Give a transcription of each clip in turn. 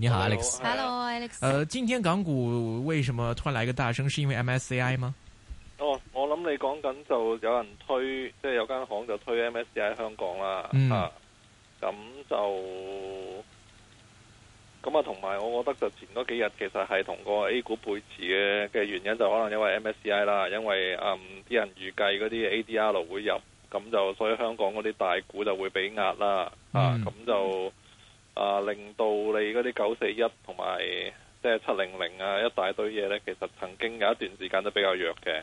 你好，Alex。Hello，Alex。呃、uh，今天港股為什麼突然來個大升？是因為 MSCI 嗎？哦，oh, 我諗你講緊就有人推，即、就、係、是、有間行就推 MSCI 香港啦。嗯。咁就咁啊，同埋我覺得就前嗰幾日其實係同個 A 股配置嘅嘅原因，就可能因為 MSCI 啦，因為嗯啲人預計嗰啲 ADR 會入，咁就所以香港嗰啲大股就會俾壓啦。Mm. 啊，咁就。啊！令到你嗰啲九四一同埋即係七零零啊，一大堆嘢呢，其實曾經有一段時間都比較弱嘅。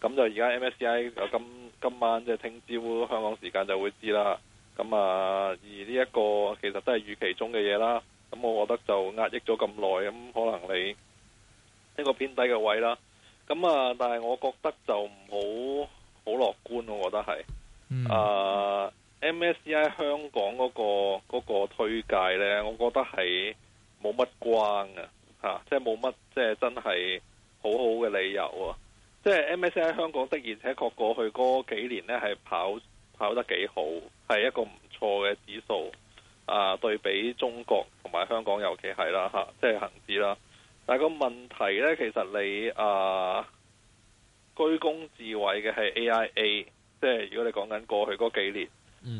咁就而家 MSCI 今今晚即係聽朝香港時間就會知啦。咁啊，而呢一個其實都係預期中嘅嘢啦。咁我覺得就壓抑咗咁耐，咁可能你一個偏低嘅位啦。咁啊，但係我覺得就唔好好樂觀，我覺得係、嗯、啊。嗯 M S C I 香港嗰、那個那個推介呢，我覺得是沒什麼係冇乜關啊，嚇！即係冇乜即係真係好好嘅理由啊！即係 M S C I 香港的，而且確過去嗰幾年呢，係跑跑得幾好，係一個唔錯嘅指數啊！對比中國同埋香港，尤其係啦嚇，即係恆指啦。但係個問題呢，其實你啊居功至偉嘅係 A I A，即係如果你講緊過去嗰幾年。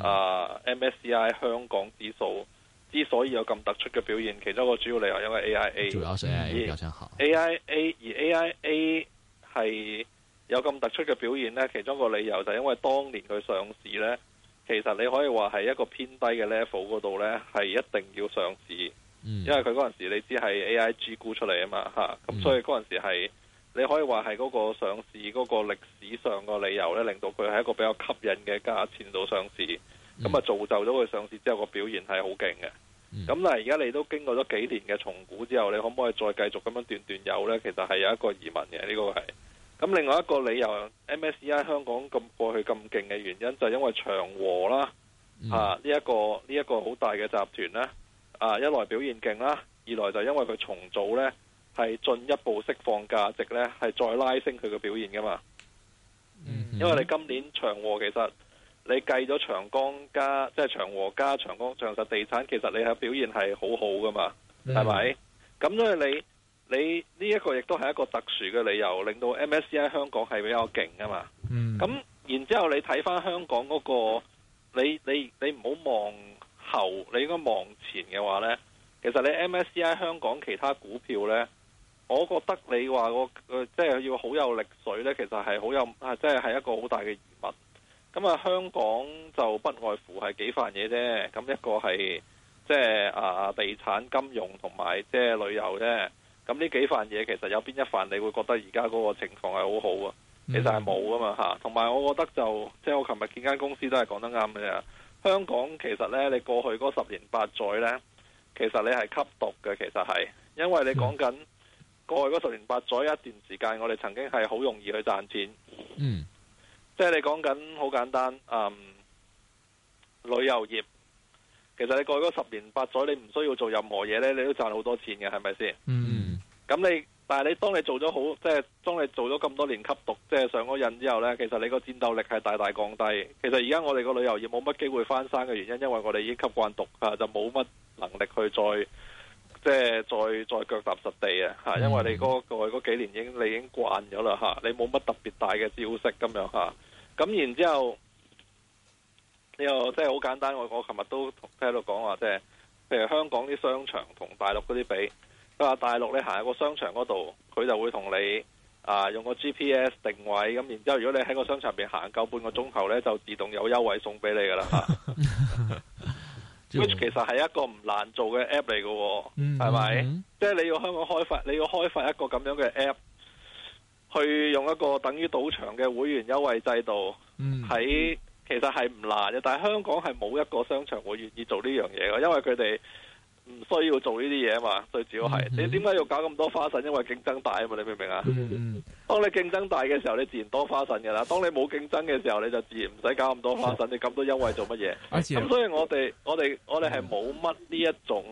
啊、嗯 uh,，MSCI 香港指數之所以有咁突出嘅表現，其中一個主要理由因為 AIA，而 AIA 而 AIA 係有咁突出嘅表現呢。其中一個理由就係因為當年佢上市呢，其實你可以話係一個偏低嘅 level 嗰度呢，係一定要上市，嗯、因為佢嗰陣時你知係 AIG 沽出嚟、嗯、啊嘛吓，咁所以嗰陣時係。你可以話係嗰個上市嗰個歷史上個理由咧，令到佢係一個比較吸引嘅價錢度上市，咁啊造就咗佢上市之後個表現係好勁嘅。咁、mm hmm. 但係而家你都經過咗幾年嘅重估之後，你可唔可以再繼續咁樣斷斷有呢？其實係有一個疑問嘅，呢個係。咁另外一個理由，MSCI 香港咁過去咁勁嘅原因，就因為長和啦，mm hmm. 啊呢一個呢一個好大嘅集團啦，啊一來表現勁啦，二來就因為佢重組呢。係進一步釋放價值呢，係再拉升佢嘅表現噶嘛？Mm hmm. 因為你今年長和其實你計咗長江加即係長和加長江長實地產，其實你係表現係好好噶嘛？係咪、mm？咁因為你你呢一個亦都係一個特殊嘅理由，令到 MSCI 香港係比較勁噶嘛？嗯、mm，咁、hmm. 然之後你睇翻香港嗰、那個你你你唔好望後，你應該望前嘅話呢，其實你 MSCI 香港其他股票呢。我覺得你話個、呃、即係要好有力水呢，其實係好有啊，即係係一個好大嘅疑問。咁、嗯、啊，香港就不外乎係幾瓣嘢啫。咁一個係即係啊，地產、金融同埋即係旅遊啫。咁呢幾瓣嘢其實有邊一瓣你會覺得而家嗰個情況係好好啊？其實係冇㗎嘛嚇。同埋、嗯、我覺得就即係我琴日見間公司都係講得啱嘅。香港其實呢，你過去嗰十年八載呢，其實你係吸毒嘅。其實係因為你講緊。嗯過去嗰十年八載一段時間，我哋曾經係好容易去賺錢。嗯，即係你講緊好簡單，嗯，旅遊業其實你過去嗰十年八載，你唔需要做任何嘢咧，你都賺好多錢嘅，係咪先？嗯，咁你，但係你當你做咗好，即係當你做咗咁多年吸毒，即係上咗癮之後呢，其實你個戰鬥力係大大降低。其實而家我哋個旅遊業冇乜機會翻生嘅原因，因為我哋已經吸慣毒啊，就冇乜能力去再。即係再再腳踏實地啊！嚇，因為你嗰、嗰個過去嗰幾年已經你已經慣咗啦嚇，你冇乜特別大嘅招式咁樣嚇。咁然之後，又即係好簡單。我我琴日都聽到講話，即係譬如香港啲商場同大陸嗰啲比，佢話大陸你行一個商場嗰度，佢就會同你啊用個 GPS 定位咁，然之後如果你喺個商場入邊行夠半個鐘頭呢，就自動有優惠送俾你噶啦嚇。 which 其實係一個唔難做嘅 app 嚟嘅，係咪？即係你要香港開發，你要開發一個咁樣嘅 app，去用一個等於賭場嘅會員優惠制度，喺、嗯、其實係唔難嘅，但係香港係冇一個商場會願意做呢樣嘢嘅，因為佢哋。唔需要做呢啲嘢啊嘛，最主要係、嗯嗯、你點解要搞咁多花神？因為競爭大啊嘛，你明唔明啊？嗯，當你競爭大嘅時候，你自然多花神嘅啦。當你冇競爭嘅時候，你就自然唔使搞咁多花神。嗯、你咁多優惠做乜嘢？咁且所以我哋我哋我哋係冇乜呢一種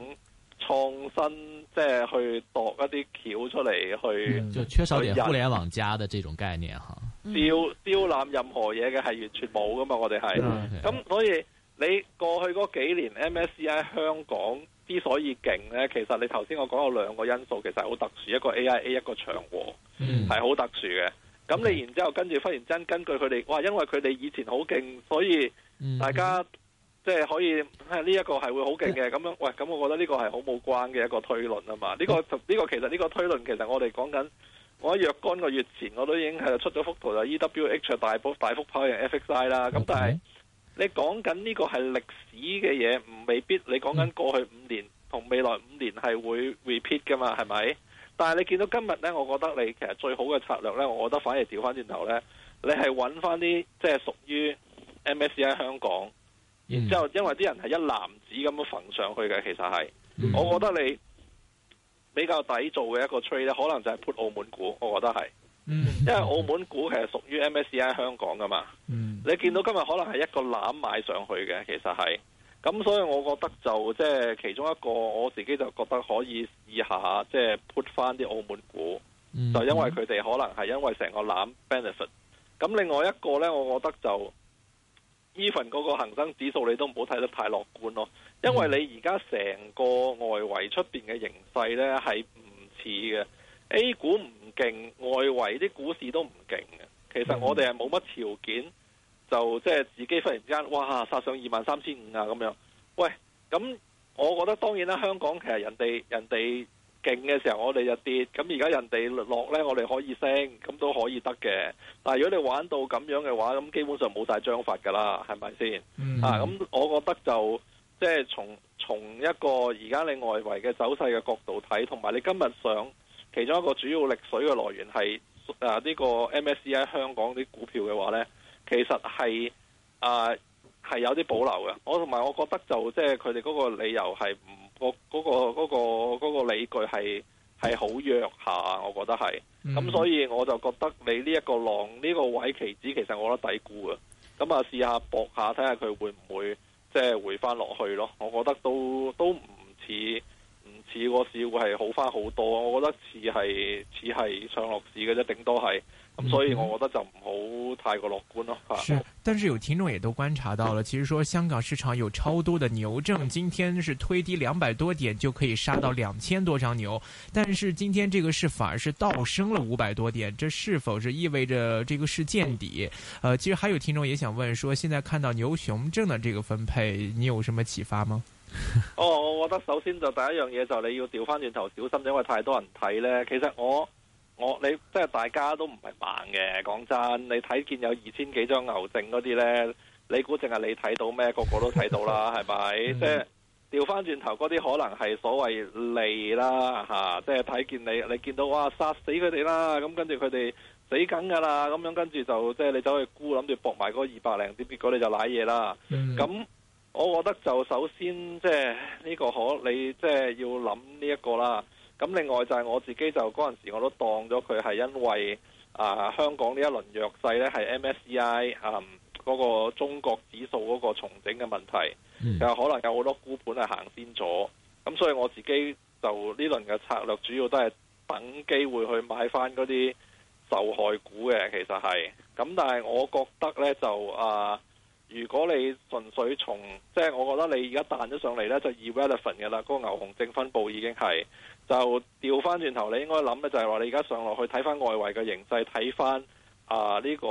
創新，嗯、即係去度一啲橋出嚟去、嗯。就缺少點互聯網加嘅，呢種概念哈。招招攬任何嘢嘅係完全冇噶嘛，我哋係。咁、嗯、所以。你過去嗰幾年 MSCI 香港之所以勁呢，其實你頭先我講有兩個因素，其實好特殊，一個 AIA 一個長和，係好、嗯、特殊嘅。咁你然之後跟住忽然間根據佢哋，哇！因為佢哋以前好勁，所以大家、嗯、即係可以呢一、啊這個係會好勁嘅。咁樣、嗯，喂，咁我覺得呢個係好冇關嘅一個推論啊嘛。呢、呢個呢、呢個、其實呢、呢個推論其實我哋講緊，我喺若干個月前我都已經出咗幅圖，就、e、EWH 大大，大幅跑贏 FXI 啦。咁、嗯、但係你講緊呢個係歷史嘅嘢，唔未必你講緊過去五年同未來五年係會 repeat 㗎嘛，係咪？但係你見到今日呢，我覺得你其實最好嘅策略呢，我覺得反而調翻轉頭呢，你係揾翻啲即係屬於 MSCI 香港，然之後因為啲人係一籃子咁樣揈上去嘅，其實係，我覺得你比較抵做嘅一個 trade 呢，可能就係 put 澳門股，我覺得係。Mm hmm. 因為澳門股其實屬於 MSCI 香港㗎嘛，mm hmm. 你見到今日可能係一個籃買上去嘅，其實係，咁所以我覺得就即係、就是、其中一個，我自己就覺得可以試下即係、就是、put 翻啲澳門股，mm hmm. 就因為佢哋可能係因為成個籃 benefit，咁另外一個呢，我覺得就 even 嗰個恒生指數你都唔好睇得太樂觀咯，mm hmm. 因為你而家成個外圍出邊嘅形勢呢，係唔似嘅 A 股唔。勁外圍啲股市都唔勁嘅，其實我哋係冇乜條件就即係自己忽然之間，哇殺上二萬三千五啊咁樣。喂，咁我覺得當然啦，香港其實人哋人哋勁嘅時候，我哋就跌。咁而家人哋落呢，我哋可以升，咁都可以得嘅。但係如果你玩到咁樣嘅話，咁基本上冇晒章法噶啦，係咪先？嗯、啊，咁我覺得就即係從從一個而家你外圍嘅走勢嘅角度睇，同埋你今日上。其中一個主要力水嘅來源係誒，呢個 MSCI 香港啲股票嘅話呢，其實係誒，係有啲保留嘅，我同埋我覺得就即係佢哋嗰個理由係唔，嗰個嗰，嗰個嗰，嗰個、理據係係好弱下，我覺得係。咁，嗯、所以我就覺得你呢一個浪呢，呢個位棋子其實我覺得低估啊。咁啊，試下搏一下睇下佢會唔會即係回翻落去咯。我覺得都都唔似。似個市會係好返好多，我覺得似係似係上落市嘅啫，頂多係咁，所以我覺得就唔好太過樂觀咯嚇。是，但是有聽眾也都觀察到了，其實說香港市場有超多的牛證，今天是推低兩百多點就可以殺到兩千多張牛，但是今天這個市反而是倒升了五百多點，這是否是意味着這個市見底？呃，其實還有聽眾也想問，說現在看到牛熊證的這個分配，你有什麼啟發嗎？哦， oh, 我覺得首先就第一樣嘢就你要掉翻轉頭小心，因為太多人睇呢。其實我我你即係大家都唔係盲嘅，講真，你睇見有二千幾張牛證嗰啲呢，你估淨係你睇到咩？個個都睇到啦，係咪？即係掉翻轉頭嗰啲可能係所謂利啦吓，即係睇見你你見到哇殺死佢哋啦，咁跟住，佢哋死緊噶啦，咁樣跟住，就即係你走去估諗住博埋嗰二百零點，結果你就瀨嘢啦。咁 那 我覺得就首先即係呢個可你即係要諗呢一個啦。咁另外就係我自己就嗰陣時我都當咗佢係因為啊、呃、香港呢一輪弱勢呢係 MSCI 啊、呃、嗰、嗰個中國指數嗰個重整嘅問題，嗯、就可能有好多股盤係行先咗。咁所以我自己就呢輪嘅策略主要都係等機會去買翻嗰啲受害股嘅，其實係。咁但係我覺得呢就啊～、呃如果你純粹從即係，就是、我覺得你而家彈咗上嚟呢、那個，就 irrelevant 嘅啦。嗰個牛熊證分佈已經係就調翻轉頭，你應該諗咧就係話你而家上落去睇翻外圍嘅形勢，睇翻啊呢、這個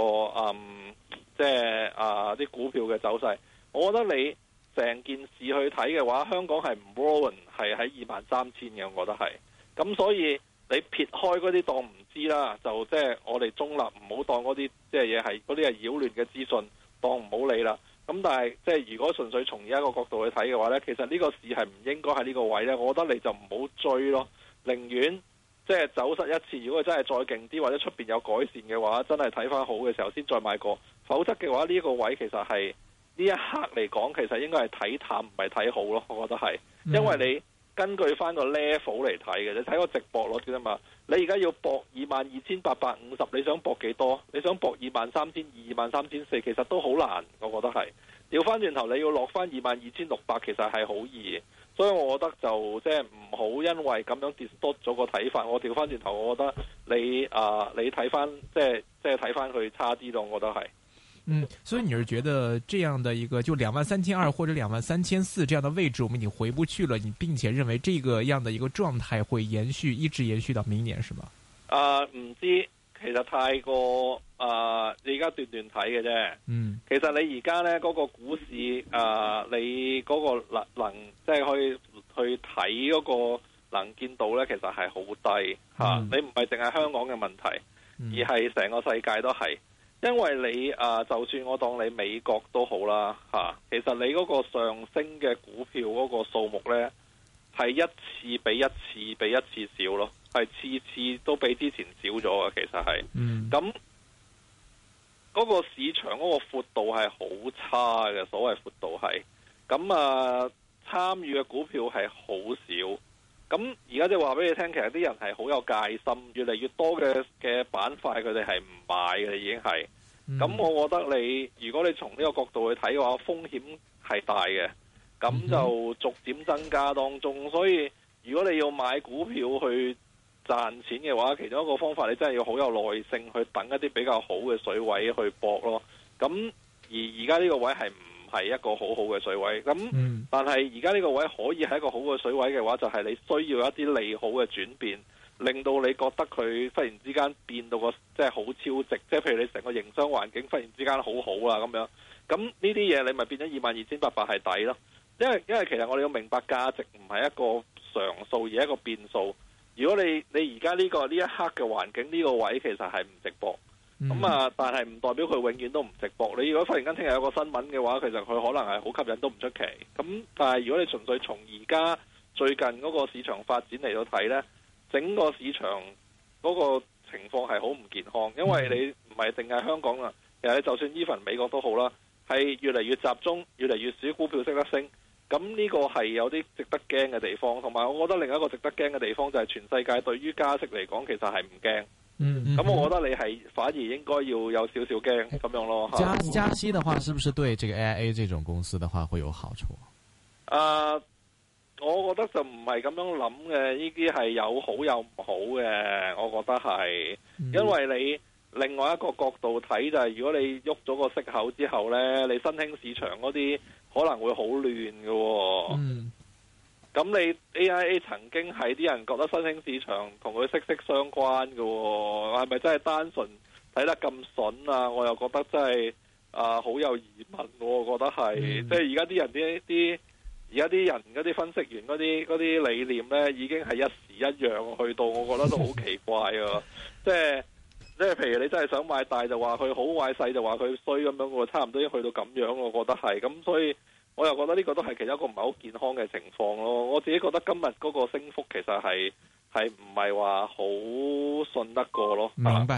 即係、嗯就是、啊啲股票嘅走勢。我覺得你成件事去睇嘅話，香港係唔 roll 係喺二萬三千嘅，我覺得係。咁所以你撇開嗰啲當唔知啦，就即係我哋中立，唔好當嗰啲即係嘢係嗰啲係擾亂嘅資訊。當唔好理啦，咁但係即係如果純粹從而家個角度去睇嘅話呢，其實呢個市係唔應該喺呢個位呢，我覺得你就唔好追咯，寧願即係走失一次。如果真係再勁啲或者出邊有改善嘅話，真係睇翻好嘅時候先再買過。否則嘅話呢個位其實係呢一刻嚟講，其實應該係睇淡唔係睇好咯，我覺得係，因為你。嗯根據翻個 level 嚟睇嘅，你睇個值博率先啫嘛。你而家要博二萬二千八百五十，你想博幾多？你想博二萬三千二萬三千四，其實都好難。我覺得係調翻轉頭，你要落翻二萬二千六百，其實係好易。所以我覺得就即係唔好因為咁樣 distort 咗個睇法。我調翻轉頭，我覺得你啊，你睇翻即係即係睇翻佢差啲咯。我覺得係。嗯，所以你是覺得這樣的一個就兩萬三千二或者兩萬三千四這樣的位置，我們已經回不去了，你並且認為這個樣的一個狀態會延續，一直延續到明年，是嗎？啊、呃，唔知，其實太過啊，而、呃、家斷斷睇嘅啫。嗯，其、那個呃，其實你而家咧個股市啊，你嗰個能能即係可以去睇嗰個能見度呢，其實係好低吓。你唔係淨係香港嘅問題，而係成個世界都係。因為你就算我當你美國都好啦吓，其實你嗰個上升嘅股票嗰個數目呢，係一次比一次比一次少咯，係次次都比之前少咗嘅，其實係。嗯。咁嗰個市場嗰個闊度係好差嘅，所謂闊度係，咁啊參與嘅股票係好少。咁而家即係話俾你聽，其實啲人係好有戒心，越嚟越多嘅嘅板塊，佢哋係唔買嘅，已經係。咁、mm hmm. 我覺得你如果你從呢個角度去睇嘅話，風險係大嘅。咁就逐漸增加當中，所以如果你要買股票去賺錢嘅話，其中一個方法你真係要好有耐性去等一啲比較好嘅水位去搏咯。咁而而家呢個位係唔？係一,一個好好嘅水位，咁但係而家呢個位可以係一個好嘅水位嘅話，就係、是、你需要一啲利好嘅轉變，令到你覺得佢忽然之間變到個即係好超值，即、就、係、是、譬如你成個營商環境忽然之間好好啊咁樣，咁呢啲嘢你咪變咗二萬二千八百係底咯，因為因為其實我哋要明白價值唔係一個常數而係一個變數，如果你你而家呢個呢一刻嘅環境呢、這個位其實係唔值博。咁啊，嗯嗯、但係唔代表佢永遠都唔直播。你如果忽然間聽日有個新聞嘅話，其實佢可能係好吸引，都唔出奇。咁但係如果你純粹從而家最近嗰個市場發展嚟到睇呢，整個市場嗰個情況係好唔健康，因為你唔係定係香港啦，其實你就算依份美國都好啦，係越嚟越集中，越嚟越少股票識得升。咁呢個係有啲值得驚嘅地方。同埋我覺得另一個值得驚嘅地方就係全世界對於加息嚟講，其實係唔驚。嗯，嗯，嗯，咁我覺得你係反而應該要有少少驚咁樣咯。加加息的話，是不是對這個 AIA 這種公司的話會有好處？啊、呃，我覺得就唔係咁樣諗嘅，呢啲係有好有唔好嘅，我覺得係，嗯嗯，因為你另外一個角度睇就係、是，如果你喐咗個息口之後呢，你新興市場嗰啲可能會好亂噶、哦。嗯。咁你 AIA 曾經係啲人覺得新興市場同佢息息相關嘅、哦，係咪真係單純睇得咁筍啊？我又覺得真係啊，好、呃、有疑問、哦。我覺得係，即係而家啲人啲啲，而家啲人嗰啲分析員嗰啲啲理念咧，已經係一時一樣去到，我覺得都好奇怪嘅。即係即係，即係、譬如你真係想買大就話佢好壞，買細就話佢衰咁樣，我差唔多已經去到咁樣。我覺得係，咁所以。我又覺得呢個都係其中一個唔係好健康嘅情況咯。我自己覺得今日嗰個升幅其實係係唔係話好信得過咯。明白。